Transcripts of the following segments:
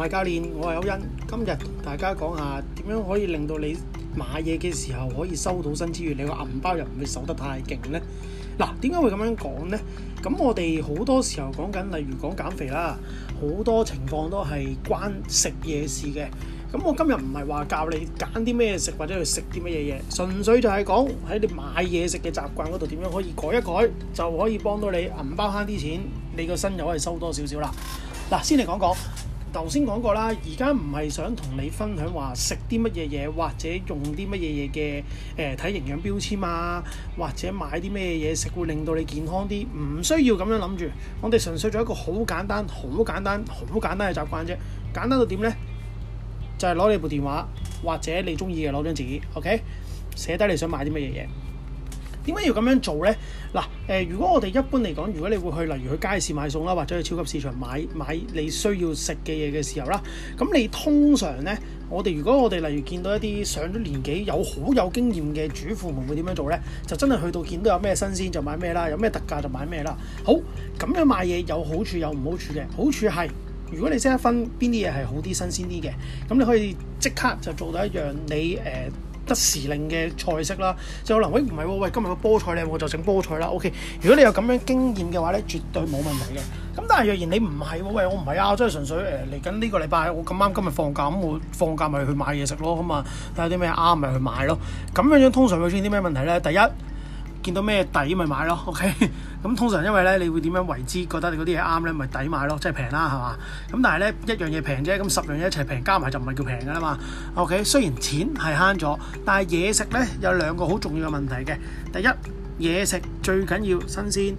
唔係教練，我係歐欣。今日同大家講下點樣可以令到你買嘢嘅時候可以收到身之餘，你個銀包又唔會瘦得太勁呢？嗱，點解會咁樣講呢？咁我哋好多時候講緊，例如講減肥啦，好多情況都係關食嘢事嘅。咁我今日唔係話教你揀啲咩食或者去食啲乜嘢嘢，純粹就係講喺你買嘢食嘅習慣嗰度，點樣可以改一改，就可以幫到你銀包慳啲錢，你個身又可以收多少少啦。嗱，先嚟講講。頭先講過啦，而家唔係想同你分享話食啲乜嘢嘢，或者用啲乜嘢嘢嘅誒睇營養標籤啊，或者買啲咩嘢食會令到你健康啲，唔需要咁樣諗住。我哋純粹做一個好簡單、好簡單、好簡單嘅習慣啫，簡單到點呢？就係攞你部電話，或者你中意嘅攞張紙，OK，寫低你想買啲乜嘢嘢。點解要咁樣做呢？嗱，誒，如果我哋一般嚟講，如果你會去，例如去街市買餸啦，或者去超級市場買買你需要食嘅嘢嘅時候啦，咁你通常呢，我哋如果我哋例如見到一啲上咗年紀有好有經驗嘅主婦，會會點樣做呢？就真係去到見到有咩新鮮就買咩啦，有咩特價就買咩啦。好，咁樣買嘢有好處有唔好處嘅，好處係如果你識得分邊啲嘢係好啲新鮮啲嘅，咁你可以即刻就做到一樣你誒。呃得時令嘅菜式啦，即係可能喂唔係喎，喂今日個菠菜靚，我就整菠菜啦。OK，如果你有咁樣經驗嘅話咧，絕對冇問題嘅。咁但係若然你唔係喎，喂我唔係啊，我真係純粹誒嚟緊呢個禮拜，我咁啱今日放假，咁我放假咪去買嘢食咯，咁啊睇下啲咩啱咪去買咯。咁樣樣通常會出現啲咩問題咧？第一。見到咩底咪買咯，OK？咁通常因為咧，你會點樣為之覺得你嗰啲嘢啱咧，咪抵買咯，即係平啦，係嘛？咁但係咧，一樣嘢平啫，咁十樣嘢一齊平加埋就唔係叫平㗎啦嘛，OK？雖然錢係慳咗，但係嘢食咧有兩個好重要嘅問題嘅。第一，嘢食最緊要新鮮。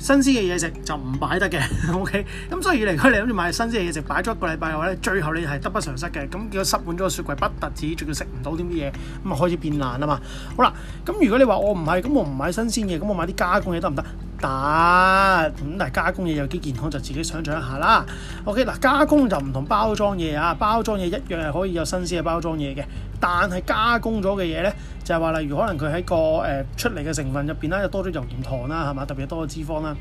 新鮮嘅嘢食就唔擺得嘅，OK，咁所以以嚟佢哋諗住買新鮮嘅嘢食，擺咗一個禮拜嘅話咧，最後你係得不償失嘅，咁結果塞滿咗個雪櫃，不特止仲要食唔到啲乜嘢，咁啊開始變爛啊嘛，好啦，咁如果你話我唔係，咁我唔買新鮮嘢，咁我買啲加工嘢得唔得？行得咁，但係加工嘢有啲健康，就自己想象一下啦。OK，嗱，加工就唔同包裝嘢啊，包裝嘢一樣係可以有新鮮嘅包裝嘢嘅，但係加工咗嘅嘢咧，就係、是、話例如可能佢喺個誒、呃、出嚟嘅成分入邊啦，又多咗油鹽糖啦，係咪？特別多咗脂肪啦，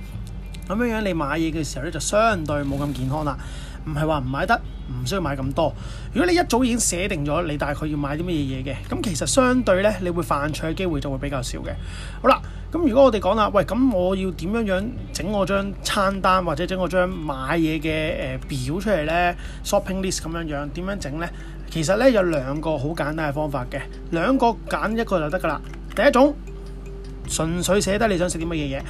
咁樣樣你買嘢嘅時候咧，就相對冇咁健康啦。唔係話唔買得，唔需要買咁多。如果你一早已經寫定咗你大概要買啲乜嘢嘢嘅，咁其實相對咧，你會犯錯嘅機會就會比較少嘅。好啦。咁如果我哋講啦，喂，咁我要點樣樣整我張餐單或者整我張買嘢嘅誒表出嚟呢 Shopping list，咁樣樣點樣整呢？其實呢，有兩個好簡單嘅方法嘅，兩個揀一個就得噶啦。第一種純粹寫低你想食啲乜嘢嘢，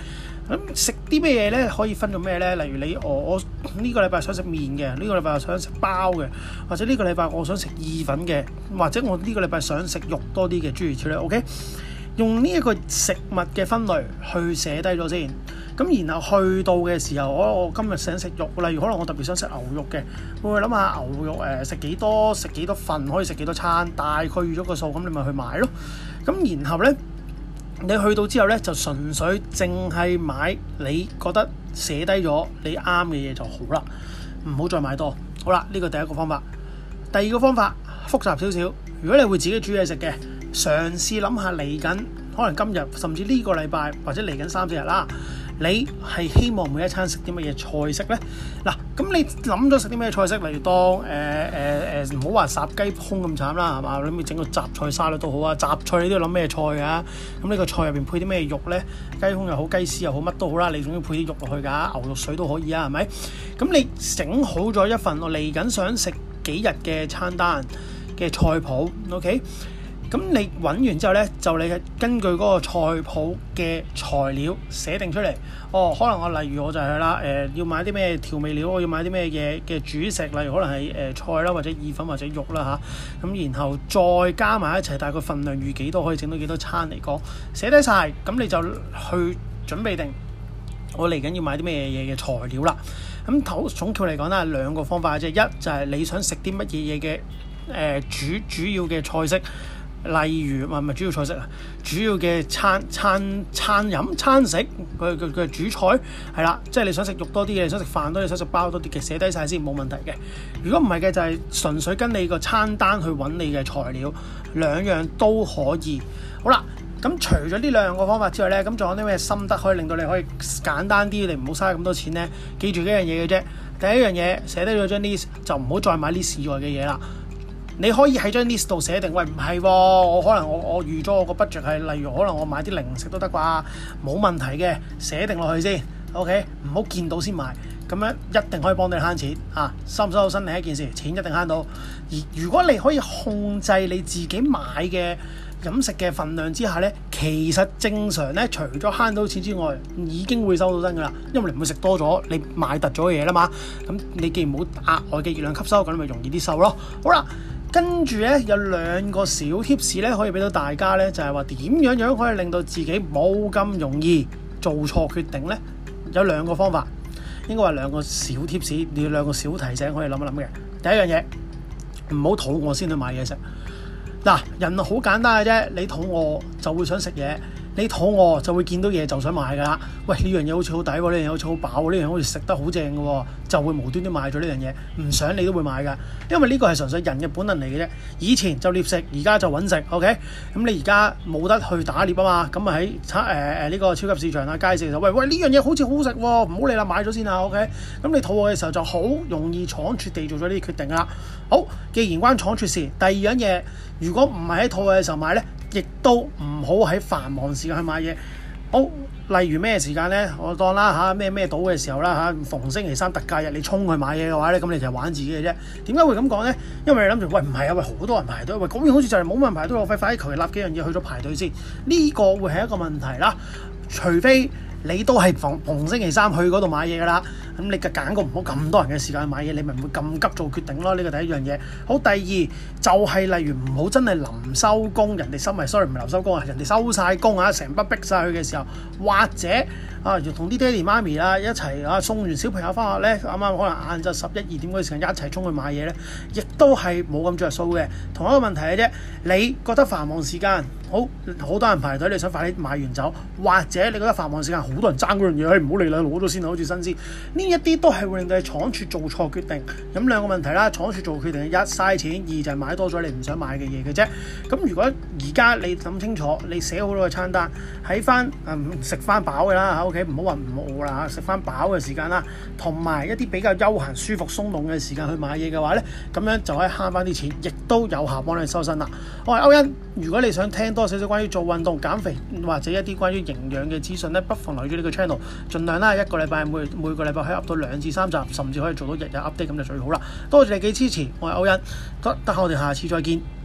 咁食啲咩嘢呢？可以分做咩呢？例如你我呢個禮拜想食麵嘅，呢個禮拜想食包嘅，或者呢個禮拜我想食意粉嘅，或者我呢個禮拜想食肉多啲嘅豬魚 OK 用呢一個食物嘅分類去寫低咗先，咁然後去到嘅時候，我，我今日想食肉，例如可能我特別想食牛肉嘅，會諗下牛肉誒食幾多，食幾多份，可以食幾多餐，大概預咗個數，咁你咪去買咯。咁然後呢，你去到之後呢，就純粹淨係買你覺得寫低咗你啱嘅嘢就好啦，唔好再買多。好啦，呢個第一個方法。第二個方法複雜少少，如果你會自己煮嘢食嘅。嘗試諗下嚟緊，可能今日甚至呢個禮拜或者嚟緊三四日啦。你係希望每一餐食啲乜嘢菜式呢？嗱、啊，咁你諗咗食啲咩菜式？例如當誒誒誒，唔好話烚雞胸咁慘啦，係嘛？你咪整個雜菜沙律都好啊，雜菜你都要諗咩菜㗎？咁呢個菜入邊配啲咩肉呢？雞胸又好，雞絲又好，乜都好啦。你仲要配啲肉落去㗎，牛肉水都可以啊，係咪？咁你整好咗一份我嚟緊想食幾日嘅餐單嘅菜譜，OK？咁你揾完之後呢，就你根據嗰個菜譜嘅材料寫定出嚟。哦，可能我例如我就係啦，誒、呃、要買啲咩調味料，我要買啲咩嘢嘅主食，例如可能係誒、呃、菜啦，或者意粉或者肉啦吓咁、啊、然後再加埋一齊，大概份量預幾多，可以整到幾多餐嚟講寫低晒。咁你就去準備定我嚟緊要買啲咩嘢嘅材料啦。咁總括嚟講咧，兩個方法即係，一就係你想食啲乜嘢嘢嘅誒主主要嘅菜式。例如，唔係唔係主要菜式啊，主要嘅餐餐餐飲餐食佢佢佢主菜係啦，即係你想食肉多啲嘅，你想食飯多啲，想食包多啲嘅，寫低晒先，冇問題嘅。如果唔係嘅，就係純粹跟你個餐單去揾你嘅材料，兩樣都可以。好啦，咁除咗呢兩樣個方法之外呢，咁仲有啲咩心得可以令到你可以簡單啲，你唔好嘥咁多錢呢，記住幾樣嘢嘅啫。第一樣嘢，寫低咗張 list 就唔好再買啲以外嘅嘢啦。你可以喺張 list 度寫定，喂，唔係喎，我可能我我預咗我個 budget 係，例如可能我買啲零食都得啩，冇問題嘅，寫定落去先，OK，唔好見到先買，咁樣一定可以幫你慳錢啊，收唔收到身另一件事，錢一定慳到。而如果你可以控制你自己買嘅飲食嘅份量之下呢，其實正常呢，除咗慳到錢之外，已經會收到身噶啦，因為你唔會食多咗，你買突咗嘢啦嘛，咁你既然冇額外嘅熱量吸收，咁咪容易啲瘦咯。好啦。跟住呢，有兩個小貼士呢可以俾到大家呢，就係話點樣樣可以令到自己冇咁容易做錯決定呢？有兩個方法，應該話兩個小貼士，你兩個小提醒可以諗一諗嘅。第一樣嘢，唔好肚餓先去買嘢食。嗱，人好簡單嘅啫，你肚餓就會想食嘢。你肚餓就會見到嘢就想買㗎啦。喂，呢樣嘢好似好抵喎，呢樣嘢好似好飽喎，呢樣好似食得好正嘅喎，就會無端端買咗呢樣嘢。唔想你都會買㗎，因為呢個係純粹人嘅本能嚟嘅啫。以前就獵食，而家就揾食。OK，咁你而家冇得去打獵啊嘛，咁啊喺誒誒呢個超級市場啊街市，喂喂呢樣嘢好似好食喎，唔好理啦，買咗先啊。OK，咁你肚餓嘅時候就好容易倉促地做咗呢啲決定啦。好，既然關倉促事，第二樣嘢如果唔係喺肚餓嘅時候買呢。亦都唔好喺繁忙時間去買嘢。好，例如咩時間呢？我當啦嚇，咩咩島嘅時候啦嚇、啊，逢星期三特價日你衝去買嘢嘅話呢，咁你就玩自己嘅啫。點解會咁講呢？因為你諗住，喂唔係啊，喂好多人排隊，喂咁樣好似就係冇問題排隊，我快啲求其立幾樣嘢去咗排隊先，呢、呢個會係一個問題啦。除非。你都係逢逢星期三去嗰度買嘢㗎啦，咁你嘅揀個唔好咁多人嘅時間去買嘢，你咪唔會咁急做決定咯。呢個第一樣嘢。好，第二就係例如唔好真係臨收工，人哋收埋，sorry 唔係臨收工啊，人哋收晒工啊，成班逼晒去嘅時候，或者啊，同啲爹哋媽咪啊一齊啊送完小朋友翻學咧，啱啱可能晏晝十一二點嗰陣時一齊衝去買嘢咧，亦都係冇咁着數嘅。同一個問題嘅啫，你覺得繁忙時間？好，好多人排隊，你想快啲買完走，或者你覺得繁忙時間好多人爭嗰樣嘢，唔好理啦，攞咗先好似新鮮。呢一啲都係會令到廠處做錯決定，咁兩個問題啦，廠處做決定一嘥錢，二就係、是、買多咗你唔想買嘅嘢嘅啫。咁如果而家你諗清楚，你寫好多個餐單，喺翻嗯食翻飽嘅啦，喺屋企唔好話唔好啦，食翻飽嘅時間啦，同埋一啲比較休閒、舒服、鬆動嘅時間去買嘢嘅話呢，咁樣就可以慳翻啲錢，亦都有效幫你收身啦。我、OK，係歐欣。如果你想聽多少少關於做運動、減肥或者一啲關於營養嘅資訊咧，不妨留意住呢個 channel，盡量啦，一個禮拜每每個禮拜可以 up 到兩至三集，甚至可以做到日日 update，咁就最好啦。多謝你嘅支持，我係歐欣，得得閒我哋下次再見。